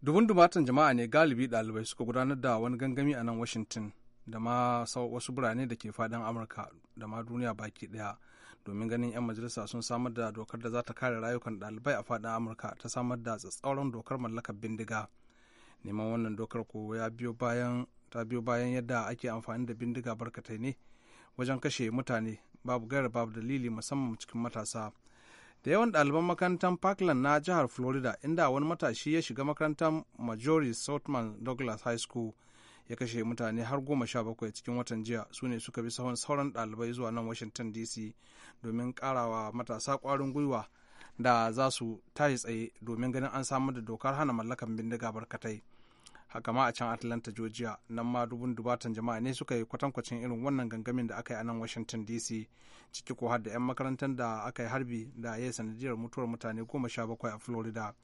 dubun dumatan jama'a ne galibi dalibai suka gudanar da wani gangami a nan washington da ma wasu birane da ke faɗin amurka da ma duniya baki ɗaya domin ganin 'yan majalisa sun samar da dokar da za ta kare rayukan ɗalibai a fadin amurka ta samar da tsatsauran dokar mallakar bindiga neman wannan dokar ko ya biyo bayan ta biyo bayan yadda ake amfani da bindiga barkatai ne wajen kashe mutane babu gaira babu dalili musamman cikin matasa da yawan ɗaliban makarantar parkland na jihar florida inda wani matashi ya shiga makarantar majori southman douglas high school ya kashe mutane har goma sha bakwai cikin watan jiya su ne suka bi sahun sauran ɗalibai zuwa nan washington dc domin karawa matasa ƙwarin gwiwa da za su tashi tsaye domin ganin an samar da dokar hana mallakan bindiga barkatai haka ma a can atlanta georgia nan ma dubun dubatan jama'a ne suka yi kwatankwacin irin wannan gangamin da aka yi a nan washington dc ciki ko har da 'yan makarantar da aka yi harbi da ya yi sanadiyar mutuwar mutane goma sha bakwai a florida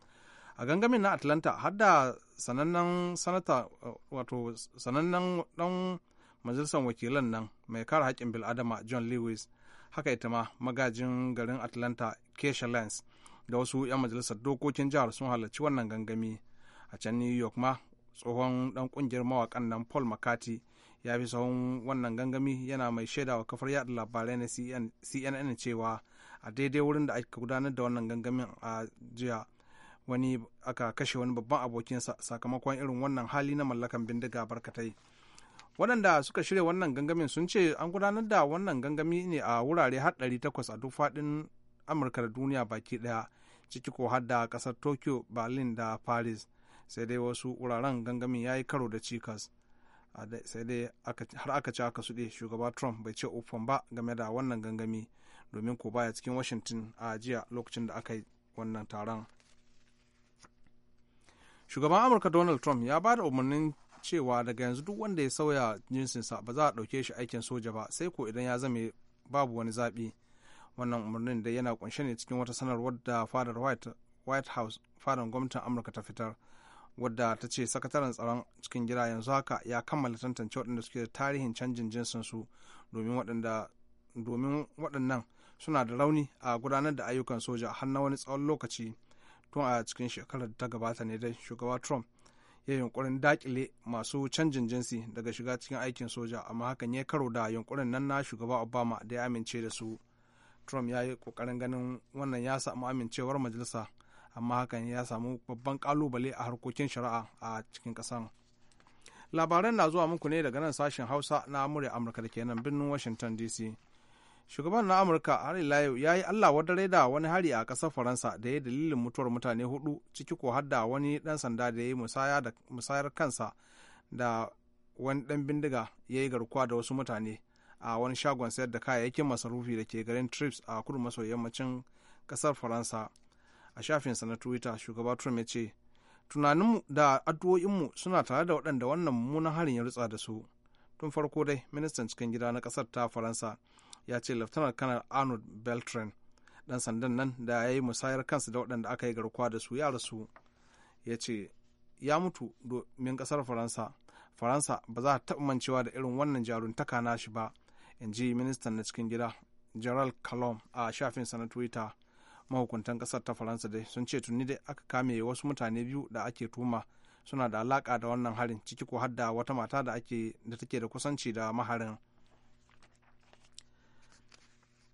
a gangamin na atlanta har da sanannen sanata wato sanannen dan majalisar wakilan nan mai kare haƙƙin bil'adama john lewis haka ita ma magajin garin atlanta kesha lance da wasu 'yan majalisar dokokin jihar sun halarci wannan gangami a can new york ma tsohon dan kungiyar mawakan nan paul makati ya fi sahun wannan gangami yana mai shaida wa kafar yada labarai na cnn cewa a daidai wurin da aka gudanar da wannan gangamin a jiya wani aka kashe wani babban abokinsa sakamakon irin wannan hali na mallakan bindiga barkatai waɗanda suka shirya wannan gangamin sun ce an gudanar da wannan gangami ne a wurare har takwas a duk faɗin amurka da duniya baki ɗaya ciki ko har da ƙasar tokyo berlin da paris sai dai wasu wuraren gangamin ya yi karo da cikas sai dai har aka ci aka suɗe shugaba trump bai ce uffan ba game da wannan gangami domin ko baya cikin washington a jiya lokacin da aka yi wannan taron shugaban amurka donald trump ya ba da umarnin cewa daga yanzu duk wanda ya sauya jinsinsa ba za a ɗauke shi aikin soja ba sai ko idan ya zame babu wani zaɓi wannan umarnin da yana kunshe ne cikin wata sanarwar da fadar white, white house fadar gwamnatin amurka ta fitar wadda ta ce sakataren tsaron cikin gida yanzu haka ya kammala tantance waɗanda suke da tarihin canjin jinsin su domin waɗannan suna da rauni a gudanar da ayyukan soja har na wani tsawon lokaci tun a cikin shekarar da ta gabata ne dai shugaba trump ya yi yunkurin dakile masu canjin jinsi daga shiga cikin aikin soja amma hakan ya karo da yunkurin nan na shugaba obama da ya amince da su trump ya yi kokarin ganin wannan ya samu amincewar majalisa amma hakan ya samu babban kalubale a harkokin shari'a a cikin kasan labaran na zuwa muku ne daga nan sashen hausa na murya amurka da ke nan birnin washington dc shugaban na amurka har ila yau ya yi allah wa dare da wani hari a kasar faransa da ya yi dalilin mutuwar mutane hudu ciki ko har da wani dan sanda da ya yi musayar kansa da wani dan bindiga ya yi garkuwa da wasu mutane a wani shagon sayar da kayayyakin masarufi da ke garin trips a kudu maso yammacin kasar faransa a shafinsa na twitter shugaba trump ya ce tunaninmu da addu'o'inmu suna tare da waɗanda wannan mummunan harin ya rutsa da su tun farko dai ministan cikin gida na ƙasar ta faransa ya ce laftanar kanar arnold beltran ɗan sandan nan da ya yi musayar kansa da waɗanda aka yi garkuwa da su ya rasu ya ce ya mutu domin ƙasar faransa faransa ba za ta taɓa mancewa da irin wannan jaruntaka shi ba in ji ministan na cikin gida gerald calom a shafinsa na twitter mahukuntan kasar ta faransa dai sun ce tuni dai aka kame wasu mutane biyu da ake tuma suna da alaka da wannan harin ciki ko hadda wata mata da ake da take da kusanci da maharin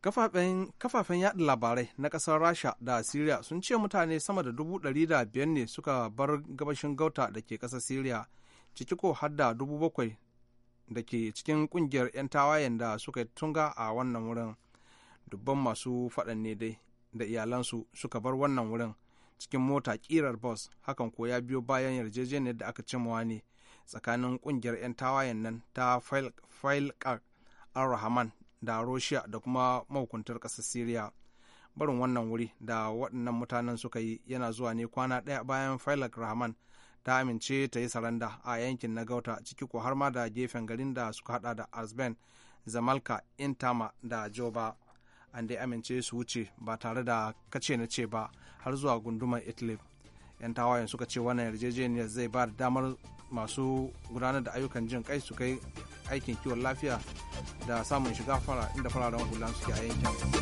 kafafen yaɗa labarai na ƙasar rasha da syria sun ce mutane sama da dubu ɗari da biyar ne suka bar gabashin gauta da ke ƙasar syria ciki ko hadda dubu bakwai da ke cikin ƙungiyar 'yan tawayen da suka tunga a wannan wurin dubban masu faɗan ne dai da iyalansu suka bar wannan wurin cikin mota kirar bus hakan ko ya biyo bayan yarjejeniyar da aka cimawa ne tsakanin kungiyar 'yan tawayen nan ta failkar al-rahman da russia da kuma mahukuntar ƙasar syria barin wannan wuri da waɗannan mutanen suka yi yana zuwa ne kwana ɗaya bayan failak rahman ta amince ta yi saranda a yankin na gauta ciki ko har ma da gefen garin da suka hada da azben zamalka intama da joba an dai amince su wuce ba tare da kace na ce ba har zuwa gundumar idlib yan tawayen suka ce wannan yarjejeniyar zai ba da damar masu gudanar da ayyukan jin kai su kai aikin kiwon lafiya da samun shiga fara inda fararen hula suke a yankin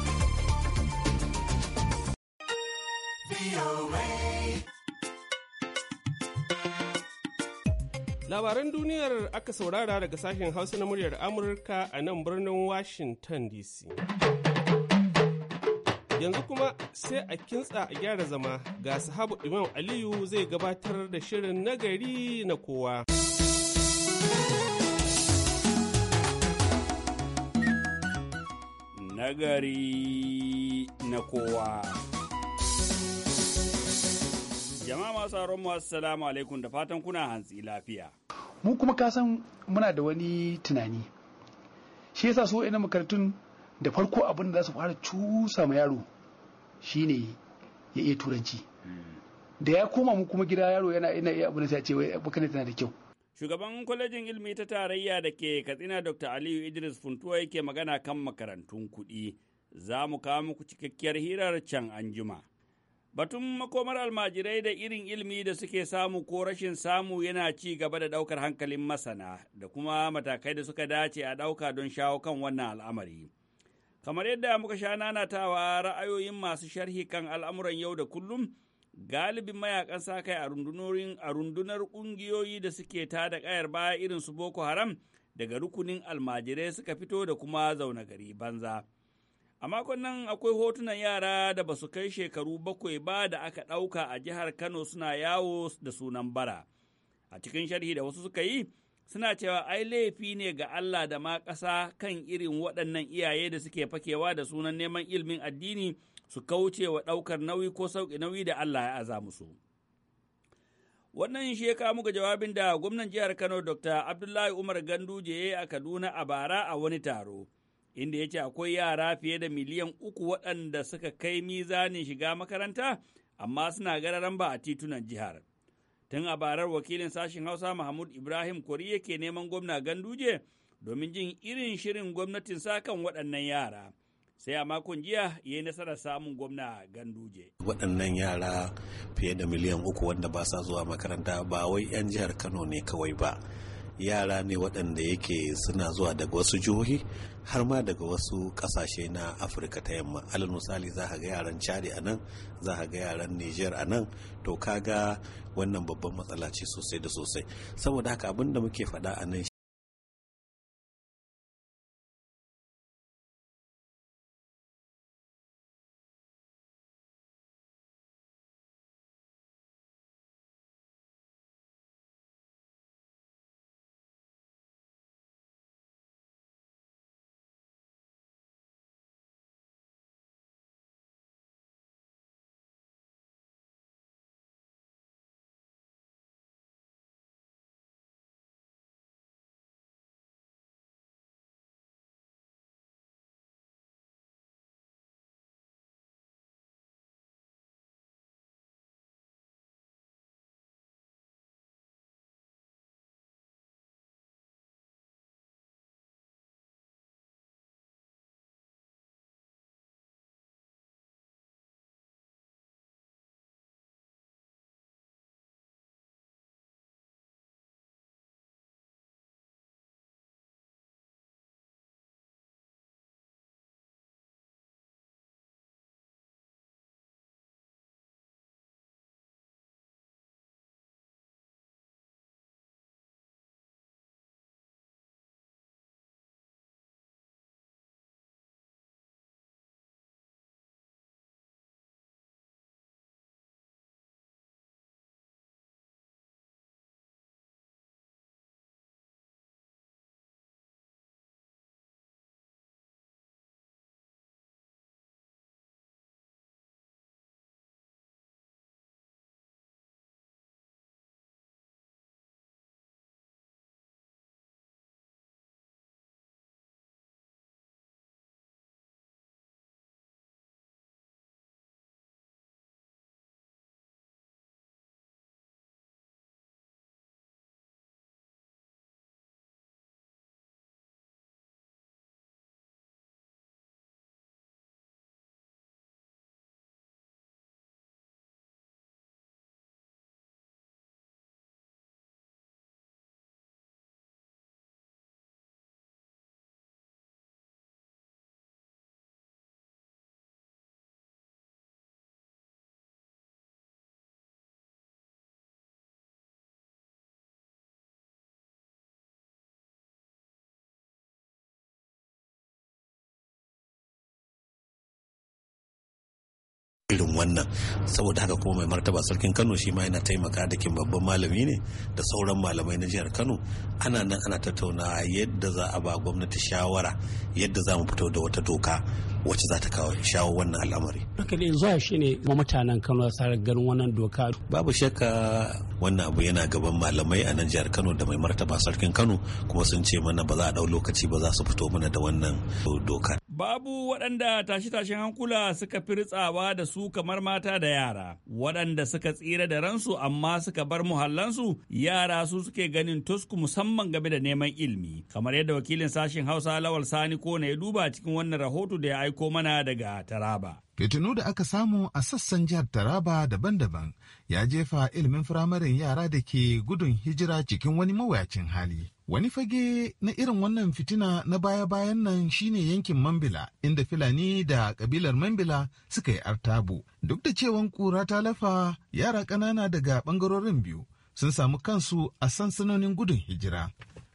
labaran duniyar aka saurara daga sashen hausa na muryar amurka a nan birnin washington dc Yanzu kuma sai a kintsa a gyara zama ga sahabu Imam Aliyu zai gabatar da shirin nagari na kowa. Nagari na kowa. Jama'a masu haron masu salamu alaikum da fatan kuna hantsi lafiya. Mu kuma kasan muna da wani tunani. Shi yasa so ina makarantun da farko abin da za su fara cusa ma yaro shine ya iya turanci hmm. da ya koma mu kuma gida yaro yana ina iya abin da sai ce wai bakane tana da kyau shugaban kwalejin ilimi ta tarayya da ke katsina dr aliyu idris funtuwa yake magana kan makarantun kuɗi za mu kawo muku cikakkiyar hirar can anjima batun makomar almajirai da irin ilimi da suke samu ko rashin samu yana ci gaba da ɗaukar hankalin masana da kuma matakai da suka dace a ɗauka don shawo kan wannan al'amari. Kamar yadda muka sha nanatawa ra'ayoyin masu sharhi kan al'amuran yau da kullum, galibin mayakan sa kai a rundunar ƙungiyoyi da suke ta da kayar baya irin su Boko Haram daga rukunin almajirai suka fito da kuma zauna gari banza. A makon nan akwai hotunan yara da basu kai shekaru bakwai ba da aka ɗauka a jihar Kano suna yawo da sunan bara. A cikin sharhi da wasu suka yi, suna cewa ai laifi ne ga Allah da ma ƙasa kan irin waɗannan iyaye da suke fakewa da sunan neman ilmin addini su kauce wa ɗaukar nauyi ko sauƙi nauyi da Allah ya aza musu. Wannan shi ya kawo muka jawabin da gwamnan jihar Kano Dr. Abdullahi Umar Ganduje ya yi a Kaduna a bara a wani taro, inda ya ce akwai yara fiye da miliyan uku waɗanda suka kai mizanin shiga makaranta, amma suna gararan ba a titunan jihar. Tun a barar wakilin sashen Hausa Mahmud Ibrahim Kori yake neman gwamna Ganduje domin jin irin shirin gwamnatin sakan waɗannan yara. sai a makon jiya ya yi nasarar samun gwamna ganduje waɗannan yara fiye da miliyan uku wanda ba sa zuwa makaranta ba wai 'yan jihar kano ne kawai ba yara ne waɗanda yake suna zuwa daga wasu jihohi har ma daga wasu ƙasashe na afirka ta yamma alal misali za ga yaran chadi a nan za ga yaran niger a nan to kaga wannan babban matsala ce sosai da sosai saboda haka abin da muke faɗa a nan irin wannan saboda haka kuma mai martaba sarkin kano shi ma yana taimaka da kin babban malami ne da sauran malamai na jihar kano ana nan ana tattauna yadda za a ba gwamnati shawara yadda za mu fito da wata doka wacce za ta kawo shawo wannan al'amari. Haka dai zuwa shi ne mutanen Kano za ganin wannan doka. Babu shakka wannan abu yana gaban malamai a nan jihar Kano da mai martaba sarkin Kano kuma sun ce mana ba za a ɗau lokaci ba za su fito mana da wannan doka. Babu waɗanda tashe-tashen hankula suka fi ritsawa da su kamar mata da yara, waɗanda suka tsira da ransu amma suka bar muhallansu yara su suke ganin tusku musamman game da neman ilimi, kamar yadda wakilin sashen Hausa Lawal Sani ko na ya duba cikin wannan rahoto da ya aiko mana daga Taraba. Fitinu da aka samu a sassan jihar Taraba daban-daban ya jefa ilimin firamarin yara da ke gudun hijira cikin wani mawuyacin hali. Wani fage na irin wannan fitina na baya-bayan nan shine yankin Mambila, inda Fulani da kabilar Mambila suka yi artabu. Duk da cewan kura ta lafa yara ƙanana daga ɓangarorin biyu sun samu kansu a sansanonin gudun hijira.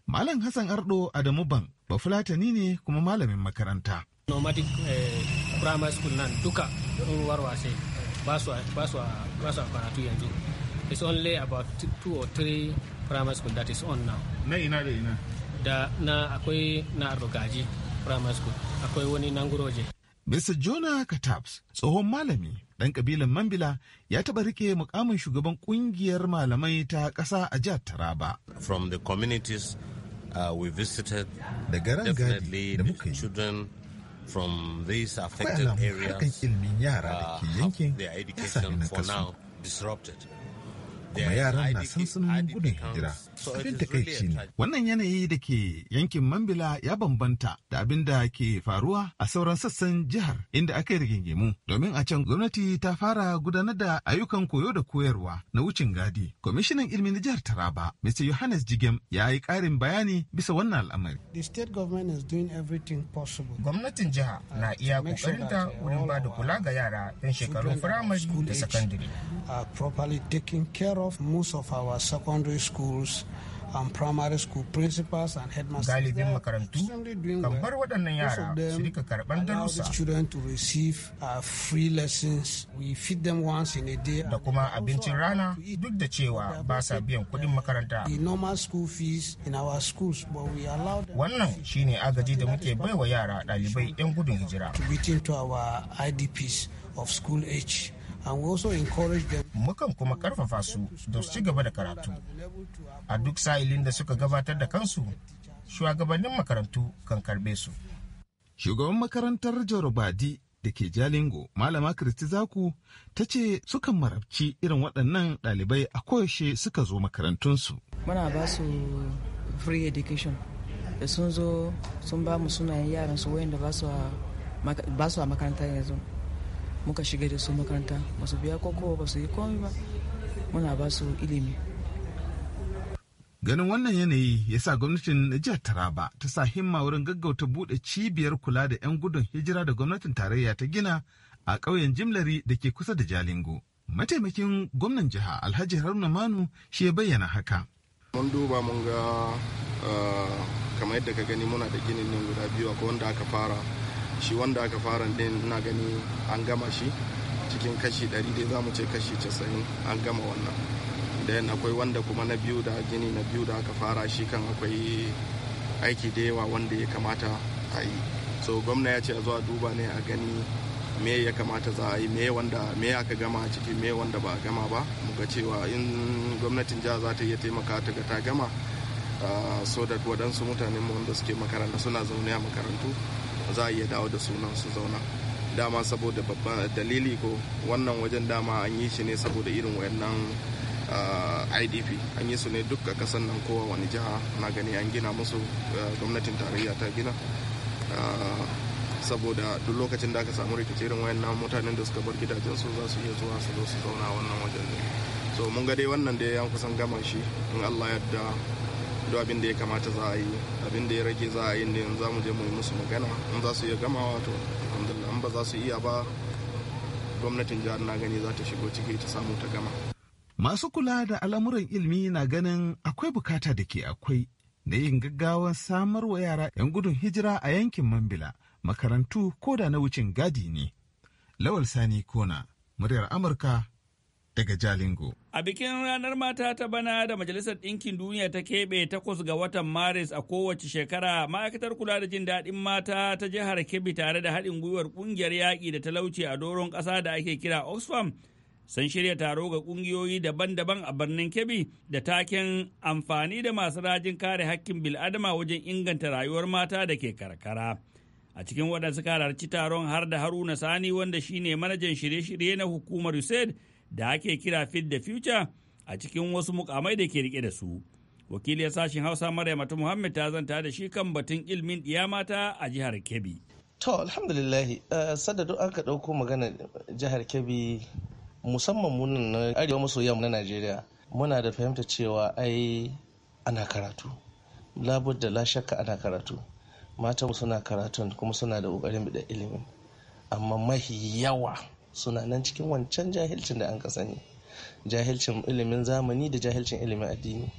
Malam Hassan Ardo Adamu Ban, bafulatani ne kuma malamin makaranta. nomadic eh, primary school nan duka warwa warwashe ba su a karatu yanzu it's only about two or three primary school that is on now na ina da ina da na akwai na arrogaji primary school akwai wani guroje Mr. Jonah Kataps, tsohon malami ɗan ƙabilan Mambila, ya taɓa rike mukamin shugaban ƙungiyar malamai ta ƙasa a jihar Taraba. From the communities uh, we visited, da garan gadi da muka yi, from these affected areas uh, their education da now disrupted. Abin takaici Wannan yanayi da ke yankin Mambila ya bambanta da abin da ke faruwa a sauran sassan jihar inda aka yi rigingimu. Domin a can gwamnati ta fara gudanar da ayyukan koyo da koyarwa na wucin gadi. Kwamishinan ilimi na jihar Taraba, Mr. Yohannes Jigem ya yi ƙarin bayani bisa wannan al'amari. Gwamnatin jiha uh, na iya ta wurin ba da kula ga yara 'yan shekaru firamare da sakandare. and primary school principals and headmasters. Galibin makarantu kan bar waɗannan yara su rika karɓar darussa. children to receive uh, free lessons. We feed them once in a day. Da kuma abincin rana duk da cewa ba sa biyan kuɗin makaranta. The normal school fees in our schools but we allow them. Wannan shine agaji da muke baiwa yara ɗalibai 'yan gudun hijira. To our IDPs of school age. Mukan kuma karfafa su da su ci gaba da karatu. A duk sa'ilin da suka gabatar da kansu, shugabannin makarantu kan karbe su. Shugaban makarantar Jorobadi da ke Jalingo, Malama Kristi Zaku, ta ce sukan marabci irin waɗannan ɗalibai a koyaushe suka zo makarantunsu. Muna ba su free education da sun zo sun ba mu sunayen yaran su wayanda ba su a makarantar yanzu. muka shiga da su makaranta masu biya kokowa ba su yi komai ba muna ba su ilimi ganin wannan yanayi ya sa gwamnatin jihar taraba ta sa himma wurin gaggauta bude cibiyar kula da 'yan gudun hijira da gwamnatin tarayya ta gina a ƙauyen jimlari da ke kusa da jalingo mataimakin gwamnan jiha alhaji haruna manu shi ya bayyana haka mun duba mun ga ah, kamar yadda ka gani muna da ginin nan guda biyu akwai wanda aka fara shi wanda aka fara din na gani an gama shi cikin kashi 100 dai za mu ce kashi 90 an gama wannan da akwai wanda kuma na biyu da gini na biyu da aka fara shi kan akwai aiki da yawa wanda ya kamata a yi so gwamna ya ce a zuwa duba ne a gani me ya kamata za a yi me wanda me aka gama a ciki me wanda ba a gama ba muga cewa in gwamnatin jiha za ta iya taimaka ta ga ta gama ah, so da waɗansu mutanen wanda suke makaranta suna zaune a makarantu za a iya dawo da sunan su zauna dama saboda babban dalili ko wannan wajen dama an yi shi ne saboda irin wayannan ah, idp an yi su ne duk a kasan nan kowa wani jiha na gani an gina musu ah, gwamnatin tarayya ta gina ah, saboda duk lokacin da aka samu rikici irin wayannan mutanen da suka bar gidajen su za su iya zuwa su zo su zauna wannan wajen so mun ga dai wannan da ya kusan gama shi in allah yadda duk abin da ya kamata za a yi abin da ya rage za a yi ne za mu je mu yi musu magana in za su iya gamawa to alhamdulillah in ba za su iya ba gwamnatin jihar na gani za ta shigo ciki ta samu ta gama masu kula da al'amuran ilimi na ganin akwai bukata da ke akwai na yin gaggawan samar wa yara 'yan gudun hijira a yankin mambila makarantu ko da na wucin gadi ne lawal sani kona muryar amurka daga Jalingo. A bikin ranar mata ta bana da Majalisar Ɗinkin Duniya ta keɓe takwas ga watan Maris a kowace shekara, ma'aikatar kula da jin daɗin mata ta jihar Kebbi tare da haɗin gwiwar ƙungiyar yaƙi da talauci a doron ƙasa da ake kira Oxfam sun shirya taro ga ƙungiyoyi daban-daban a birnin Kebbi da taken amfani da masu rajin kare hakkin bil'adama wajen inganta rayuwar mata da ke karkara. a cikin waɗansu suka taron har da haruna sani wanda shine manajan shirye-shirye na hukumar usaid da ake kira Fit the Future a cikin wasu mukamai da ke rike da su. Wakiliyar sashen Hausa Maryam Mata Muhammad ta zanta da shi kan batun ilimin ɗiya mata a jihar Kebbi. To alhamdulillah eh, sadadu an ka ɗauko magana jihar Kebbi musamman munan na arewa maso yamma na Najeriya muna da fahimta cewa ai ana karatu. Labud da la shakka ana karatu. Matan suna karatun kuma suna da ƙoƙarin da ilimin. Amma mahi yawa suna nan cikin wancan jahilcin da an ka sani jahilcin ilimin zamani da jahilcin ilimin addini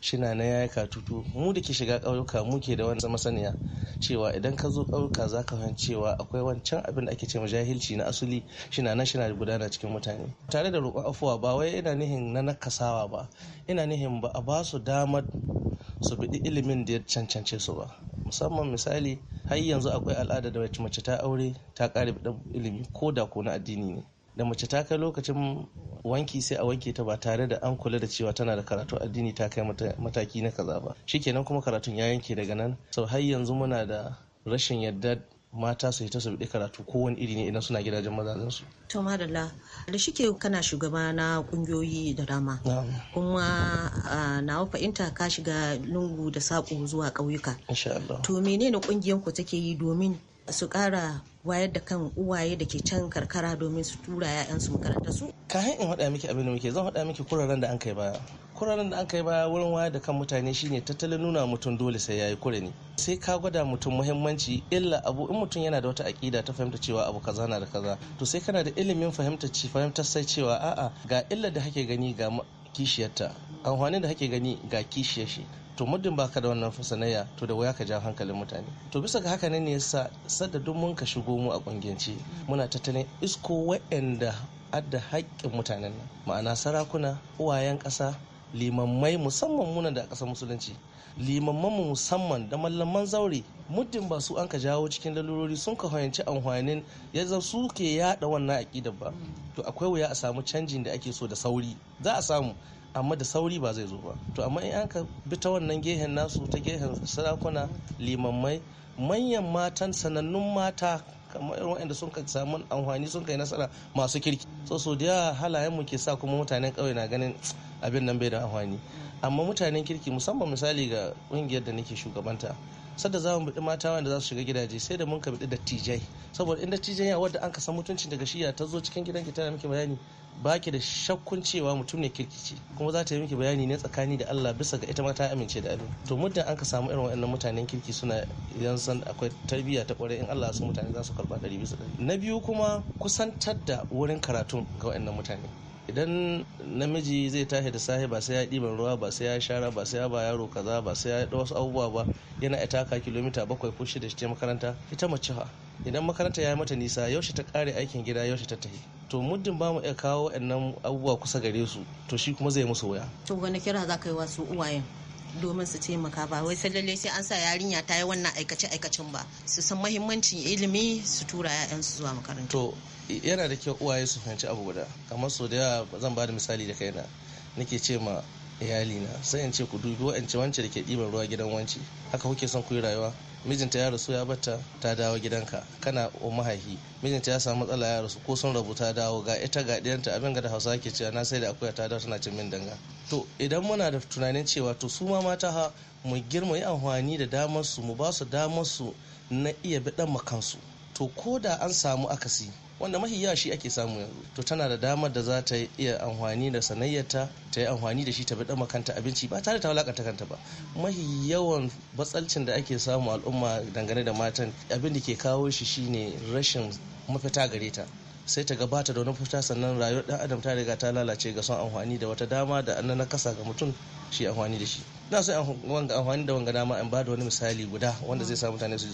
shina na yaya katutu mu da ke shiga ƙauyuka mu ke da wani masaniya cewa idan ka zo ƙauyuka za ka fahimci cewa akwai wancan abin da ake ce jahilci na asali shina nan shina gudana cikin mutane tare da roƙon afuwa ba wai ina nihin na nakasawa ba ina nihin ba a ba su damar su biɗi ilimin da ya cancance su ba musamman misali har yanzu akwai al'ada da wacce mace ta aure ta ƙara da ilimi ko da ko na addini ne da mace ta kai lokacin wanki sai a wanke ta ba tare da an kula da cewa tana da karatu addini ta kai mataki na kaza ba shikenan kuma karatun ya yanke daga nan sau har yanzu muna da rashin yarda mata su ta su karatu karatu wani iri ne idan suna gidajen mazajen To madalla da shike kana shugaba na kungiyoyi da dama. Kuma na inta ka shiga lungu da saƙo zuwa ƙauyuka. To menene kungiyanku take yi domin su ƙara wayar da kan uwaye da ke can karkara domin su tura 'ya'yansu makaranta su. Kayan in hada miki abin da muke zan hada miki kuraren da an kai baya. kuraren da an kai baya wurin wayar da kan mutane shine tattalin nuna mutum dole sai yayi kure ne. Sai ka gwada mutum muhimmanci illa abu in mutum yana da wata aƙida ta fahimta cewa abu kaza na da kaza to sai kana da ilimin fahimtar ci fahimtar sai cewa a'a ga illar da hake gani ga kishiyarta amfanin da hake gani ga kishiyar shi to muddin baka da wannan sanayya to da waya ka ja hankalin mutane to bisa ga haka ne ne yasa sadda duk mun ka shigo mu a kungiyance muna tattalin isko wa'anda adda haƙƙin mutanen nan ma'ana sarakuna uwayen ƙasa limammai musamman muna da ƙasar musulunci limamman mu musamman da mallaman zaure muddin ba su an ka jawo cikin lalurori sun ka fahimci amfanin ya zan su ke yada wannan aƙidar ba to akwai wuya a samu canjin da ake so da sauri za a samu amma da sauri ba zai zo ba to amma in an ka bi ta wannan gehen nasu ta gehen sarakuna limammai manyan matan sanannun mata kamar irin waɗanda sun ka samu amfani sun kai nasara masu kirki so so da yawa halayen mu ke sa kuma mutanen ƙauye na ganin abin nan bai da amfani amma mutanen kirki musamman misali ga ƙungiyar da nake shugabanta sadda za mu biɗi mata wanda za su shiga gidaje sai da mun ka biɗi dattijai saboda in dattijai ya wadda an ka san mutuncin daga shiya ta zo cikin gidan ki tana miki bayani ba ki da shakkun cewa mutum ne kirkici kuma za ta yi miki bayani ne tsakani da Allah bisa ga ita ma ta amince da abin to muddin an ka samu irin waɗannan mutanen kirki suna idan san akwai tarbiyya ta kwarai in Allah su mutane za su karba ɗari bisa ɗari na biyu kuma kusantar da wurin karatun ga waɗannan mutane idan namiji zai tashi da sahi ba sai ya ɗiban ruwa ba sai ya shara ba sai ya ba yaro kaza ba sai ya yi wasu abubuwa ba yana ya taka kilomita bakwai ko shida shi makaranta ita mace idan makaranta ya yi mata nisa yaushe ta kare aikin gida yaushe ta tafi to muddin ba mu iya kawo wa'annan abubuwa kusa gare su to shi kuma zai musu wuya to wani kira za ka yi wasu uwayen domin su taimaka ba wai sai lalle sai an sa yarinya ta yi wannan aikace aikacin ba su san mahimmancin ilimi su tura su zuwa makaranta to yana da kyau uwaye su fahimci abu guda kamar sau da yawa zan ba da misali da kaina nake ce ma iyalina sai in ce ku dubi wa'ance wance da ke ɗiban ruwa gidan wance haka kuke son ku yi rayuwa mijinta ya rasu ya bata ta dawo gidanka kana o mahaifi mijinta ya samu matsala ya rasu ko sun rabu ta dawo ga ita ga ɗiyanta abin ga da hausa ke cewa na sai da akuya ta dawo tana cin min danga to idan muna da tunanin cewa to su ma mata ha mu girma yi amfani da damar su mu ba su damar su na iya biɗan makansu to ko da an samu akasi wanda mafi yawa shi ake samu yanzu to tana da damar da za ta iya amfani da sanayyarta ta yi amfani da shi ta bada makanta abinci ba tare ta walakanta kanta ba mafi yawan batsalcin da ake samu al'umma dangane da matan abin da ke kawo shi shine rashin mafita gare ta sai ta gabata da wani fita sannan rayuwar dan adam ta riga ta lalace ga son amfani da wata dama da an na kasa ga mutum shi amfani da shi ina so amfani da wanga dama in ba da wani misali guda wanda zai sa mutane su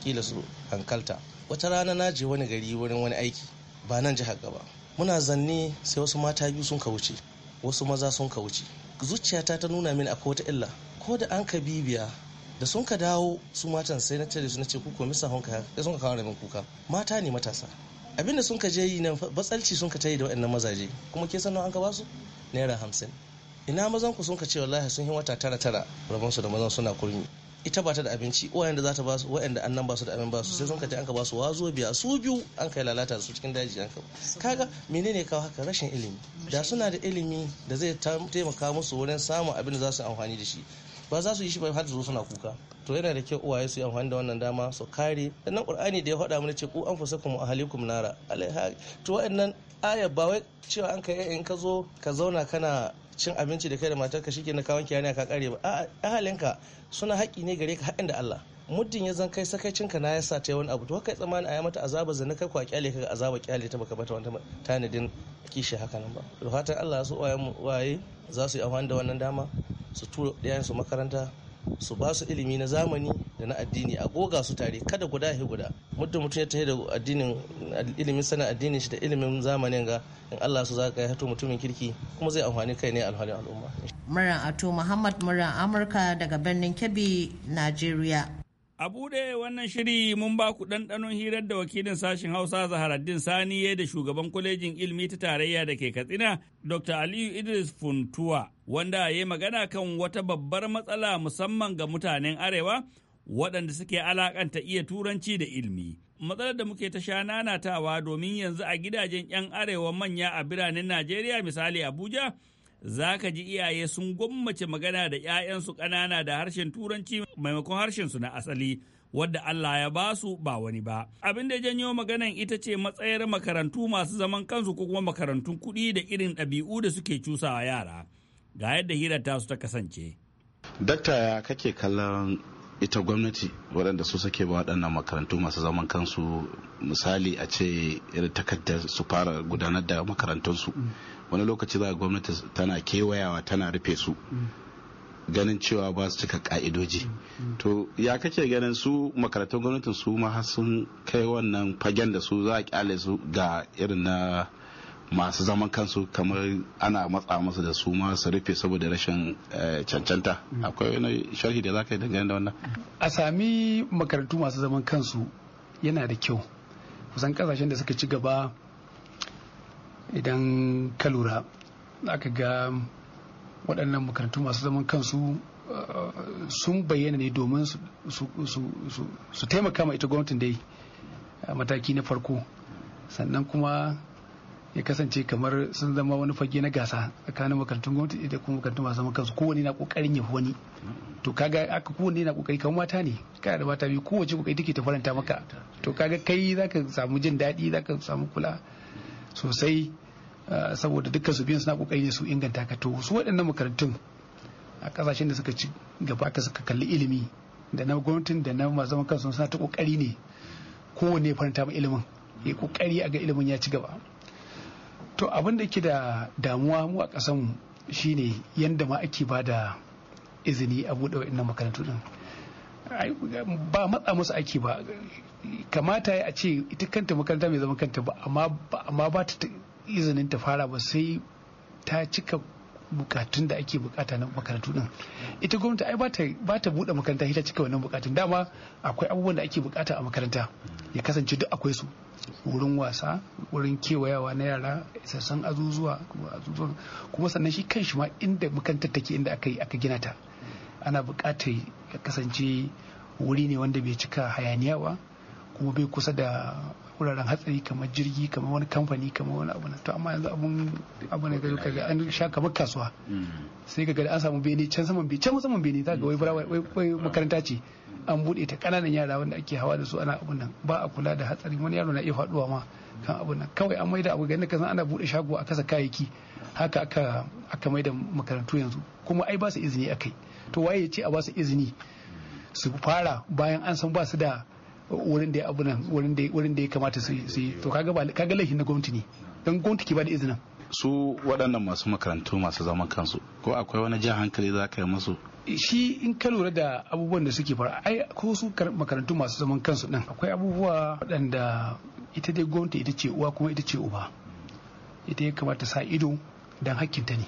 kila su hankalta wata rana na je wani gari wurin wani aiki ba nan jihar gaba muna zanne sai wasu mata biyu sun ka wuce. wasu maza sun ka wuce. zuciyata ta nuna min akwai wata illa ko da an ka bibiya da sun ka dawo su matan sai na tare su na ce kuka misa honka sai sun ka kawo rabin kuka mata ne matasa abin sun ka je yi nan batsalci sun ka yi da waɗannan mazaje kuma ke sanan an ka basu naira hamsin ina mazan ku sun ka ce wallahi sun yi wata tara tara rabon su da mazan suna kurmi ita ba ta da abinci da za ta ba su wayanda annan ba su da abin ba su sai sun kace an ka ba su wazo biya su biyu an kai lalata su cikin daji an ka kaga menene kawo haka rashin ilimi da suna da ilimi da zai taimaka musu wurin samun abin da za su amfani da shi ba za su yi shi ba har zo suna kuka to yana da kyau uwaye su yi amfani da wannan dama su kare sannan qur'ani da ya faɗa mana ce ku an fusakum ahlikum nara to wa'annan aya ba wai cewa an kai in ka zo ka zauna kana cin abinci da kai da ka shike na kawon kiyani ka kare ba halinka suna haƙi ne gare ka haɗin da Allah muddin ya zan kai ka na yasa ta wani abu to kai tsamani a yi mata azaba zina kai kwa kyale ka azaba kyale ta baka bata wani tanadin kishi haka nan ba da fatan Allah su waye za su yi amfani da wannan dama su tura ɗayan su makaranta su ba su ilimi na zamani da na addini a goga su tare kada guda he guda muddin mutum ya tafi da addinin ilimin sana addinin shi da ilimin zamanin ga in Allah su zaka ya hato mutumin kirki kuma zai amfani kai ne alhalin al'umma Muran Ato Muhammad Muran Amurka daga birnin Kebbi Najeriya A bude, wannan shiri mun ba ku ɗanɗanon hirar da wakilin sashen Hausa Zaharaddin Sani ya da shugaban kwalejin Ilmi ta tarayya da ke Katsina Dr. Aliyu Idris Funtuwa wanda ya magana kan wata babbar matsala musamman ga mutanen Arewa waɗanda suke alaƙanta iya turanci da ilmi. Matsalar da muke ta sha nanatawa domin yanzu a gidajen 'yan Arewa manya a biranen Najeriya misali Abuja za ka ji iyaye sun gwammace magana da 'ya'yansu ƙanana da harshen turanci maimakon harshensu na asali wadda Allah ya ba su ba wani ba. Abin da janyo maganan ita ce matsayar makarantu masu zaman kansu ko kuma makarantun kuɗi da irin ɗabi'u da suke cusawa yara. Ga yadda hirar su ta kasance. Dakta ya kake kallon ita gwamnati waɗanda su suke ba waɗannan makarantu masu zaman kansu misali a ce irin takardar su fara gudanar da makarantunsu wani lokaci za gwamnati tana kewayawa tana rufe su ganin cewa ba su cika ka'idoji to ya kake ganin su makarantun gwamnatin su ma sun kai wannan fagen da su za a kyale su ga irin na masu zaman kansu kamar ana matsa masa da su su rufe saboda rashin eh, cancanta mm. akwai wani sharhi da za ka yi dangane da wannan a sami makarantu masu zaman kansu yana da kyau kusan kasashen da suka ci gaba idan ka lura aka ga waɗannan makarantu masu zaman kansu eh, sun bayyana ne domin su taimaka ma ita gwamnatin dai eh, mataki na farko sannan kuma ya kasance kamar sun zama wani fage na gasa tsakanin makarantun gwamnati da kuma makarantun masu zaman kansu kowane na kokarin ya wani to kaga aka kowane na kokari kamar mata ne kana da mata biyu kowace kokari take ta faranta maka to kaga kai zaka samu jin daɗi zaka samu kula sosai eh, saboda dukkan su biyan suna kokari ne su inganta ka to su waɗannan makarantun a kasashen da suka ci gaba ka suka kalli ilimi da na gwamnatin da na masu zaman kansu suna ta kokari ne ya faranta ma ilimin ya kokari a ga ilimin ya ci gaba to abin da ke da damuwa mu a mu shine yadda ma ake ba da izini a buɗe wa'in makarantu din ba matsa musu ake ba kamata ya ce ita kanta makaranta mai zama kanta ba amma ba ta izinin ta fara ba sai ta cika bukatun da ake bukata na makarantu din ita gwamnati ai bata bata buɗe makaranta hita cika wannan bukatun dama akwai abubuwan da ake bukata a makaranta ya kasance duk akwai su wurin wasa wurin kewayawa na yara sassan azuzuwa kuma sannan shi kan shi ma inda makarantar take inda aka gina ta ana bukatar ya kasance wuri ne wanda bai cika hayaniya ba kuma bai kusa da wuraren hatsari kamar jirgi kamar wani kamfani kamar wani abu to amma yanzu abun abu ne ga kaga an sha kamar kasuwa mm. sai kaga an samu bene can saman bene can saman bene ga wai wai makaranta ce an bude ta kananan yara wanda ake hawa da su ana abun nan ba a kula da hatsari wani yaro na iya faduwa ma kan abun nan kawai an maida abu ga ka san ana bude shago a kasa kayayyaki haka aka aka maida makarantu yanzu kuma ai ba su izini akai to waye ya ce a ba su izini su fara bayan an san ba su da wurin da ya abu nan wurin da ya kamata su yi to kaga laifin na gwamnati ne don gwamnati ke ba da izinin su waɗannan masu makarantu masu zaman kansu ko akwai wani jan hankali za ka yi musu shi in ka lura da abubuwan da suke fara ai ko su makarantu masu zaman kansu din akwai abubuwa waɗanda ita dai gwamnati ita ce uwa kuma ita ce uba ita ya kamata sa ido don hakkinta ne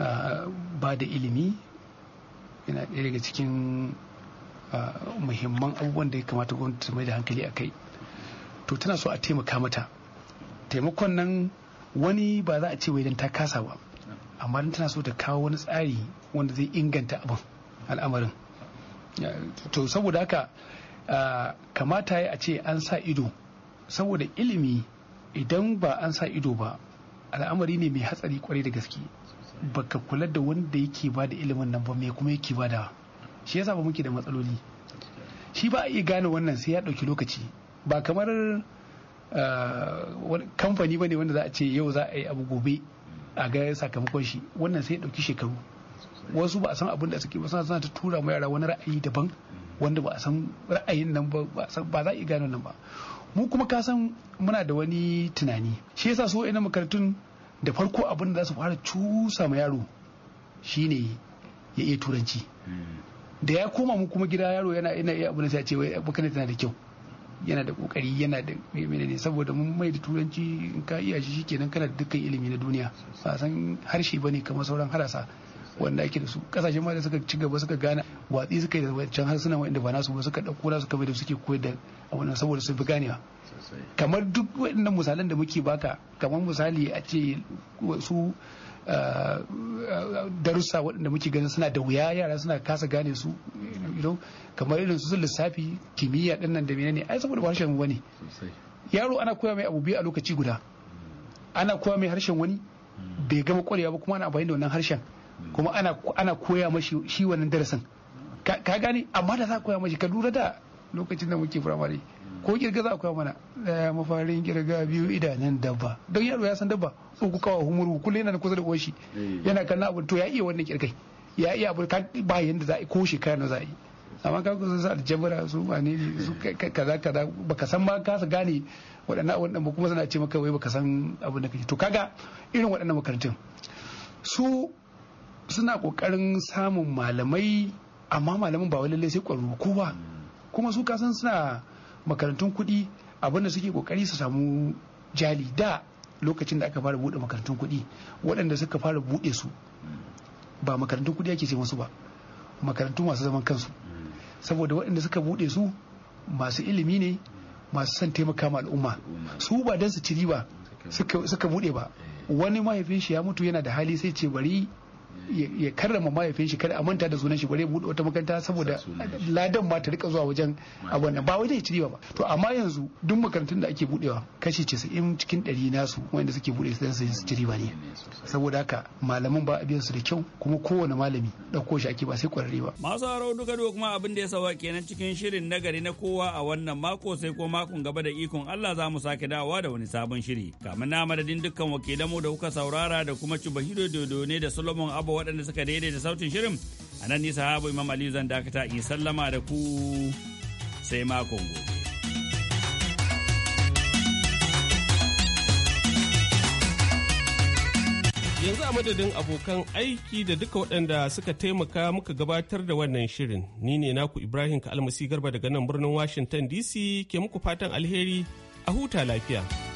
ah, ba da ilimi yana ɗaya daga cikin muhimman abubuwan da ya kamata gwamnati ta mai da hankali a kai to tana so a taimaka mata taimakon nan wani ba za a ce wai dan ta kasa ba amma tana so ta kawo wani tsari wanda zai inganta abin al'amarin to saboda haka kamata ya a ce an sa ido saboda ilimi idan ba an sa ido ba al'amari ne mai hatsari kwarai da gaske baka kula da wanda yake ba da ilimin nan ba mai kuma yake ba da shi ya ba muke da matsaloli shi ba a iya gane wannan sai ya ɗauki lokaci ba kamar eh, kamfani ba ne wanda za a ce yau za a yi abu gobe a ga sakamakon shi wannan sai ya ɗauki shekaru wasu ba a san abin da suke ba suna ta tura ma yara wani ra'ayi daban wanda ba a san ra'ayin nan ba ba za a iya gane nan ba mu kuma ka san muna da wani tunani shi yasa so ina makarantun da farko abin da za su fara cusa ma yaro shine ya iya turanci hmm. da ya koma mu kuma gida yaro yana ina iya abu na sai ce wai abokan tana da kyau yana da kokari yana da ne saboda mun mai da turanci in ka iya shi shikenan kana da dukkan ilimi na duniya ba san harshe bane kamar sauran harasa wanda ake da su kasashen ma da suka ci gaba suka gane watsi suka yi da wancan suna wanda ba nasu ba suka dauko nasu kamar da suke koyar da wannan saboda sun fi ganewa kamar duk waɗannan misalan da muke baka kamar misali a ce su darussa waɗanda muke ganin suna da wuya yara suna kasa gane su kamar irin su lissafi kimiyya ɗin nan da menene ai saboda harshen wani yaro ana koya mai abu biyu a lokaci guda ana koya mai harshen wani bai gama kwarewa ba kuma ana amfani da wannan harshen kuma ana koya mashi shi wannan darasin ka gane amma da za a koya mashi ka lura da lokacin da muke firamare ko girgiza za a mana daya eh, mafarin girga biyu idanun dabba don yaro ya san dabba uku kawo humuru kullum yana kusa da uwanshi eh. yana kan abu to ya iya wannan kirkai ya iya abu ba yanda za a ko shekara na za a yi amma ka kusa sa aljabara su wane ne su kaza kaza baka san ma ka gane waɗannan abubuwan ba kuma suna ce maka wai baka san abin da kake to kaga irin waɗannan makarantun su suna ƙoƙarin samun malamai amma malamin ba wai lallai sai ƙwararru kowa. kuma su kasan suna makarantun kuɗi abin da suke kokari su samu jali da lokacin da aka fara buɗe makarantun kuɗi waɗanda suka fara buɗe su ba makarantun kuɗi ake ce musu ba makarantu masu zaman kansu saboda waɗanda suka buɗe su masu ilimi ne masu son taimaka ma al'umma su ba don su ciri ba suka buɗe ba eh. wani mahaifin shi ya mutu yana da hali sai ce bari ya karrama mahaifin shi kada a manta da sunan shi bare bude wata makaranta saboda ladan ba ta rika zuwa wajen abun nan ba wai ya ci ba to amma yanzu duk makarantun da ake budewa kashi 90 cikin 100 nasu wanda suke bude su su ci ne saboda haka malaman ba a biyan su da kyau kuma kowane malami dauko shi ake ba sai kwararre ba masu haro duka duka kuma abin da ya sawa kenan cikin shirin nagari na kowa a wannan mako sai ko makon gaba da ikon Allah za mu sake dawowa da wani sabon shiri kamar na madadin dukkan wakilanmu da kuka saurara da kuma Chubahiro Dodo ne da Solomon Abu abubuwa waɗanda suka daidaita sautin shirin. A nan nisa habu Imam Aliyu zan dakata in sallama da ku sai makon gobe. yanzu a madadin abokan aiki da duka waɗanda suka taimaka muka gabatar da wannan shirin ni ne naku ibrahim ka almasi garba daga nan birnin washington dc ke muku fatan alheri a huta lafiya.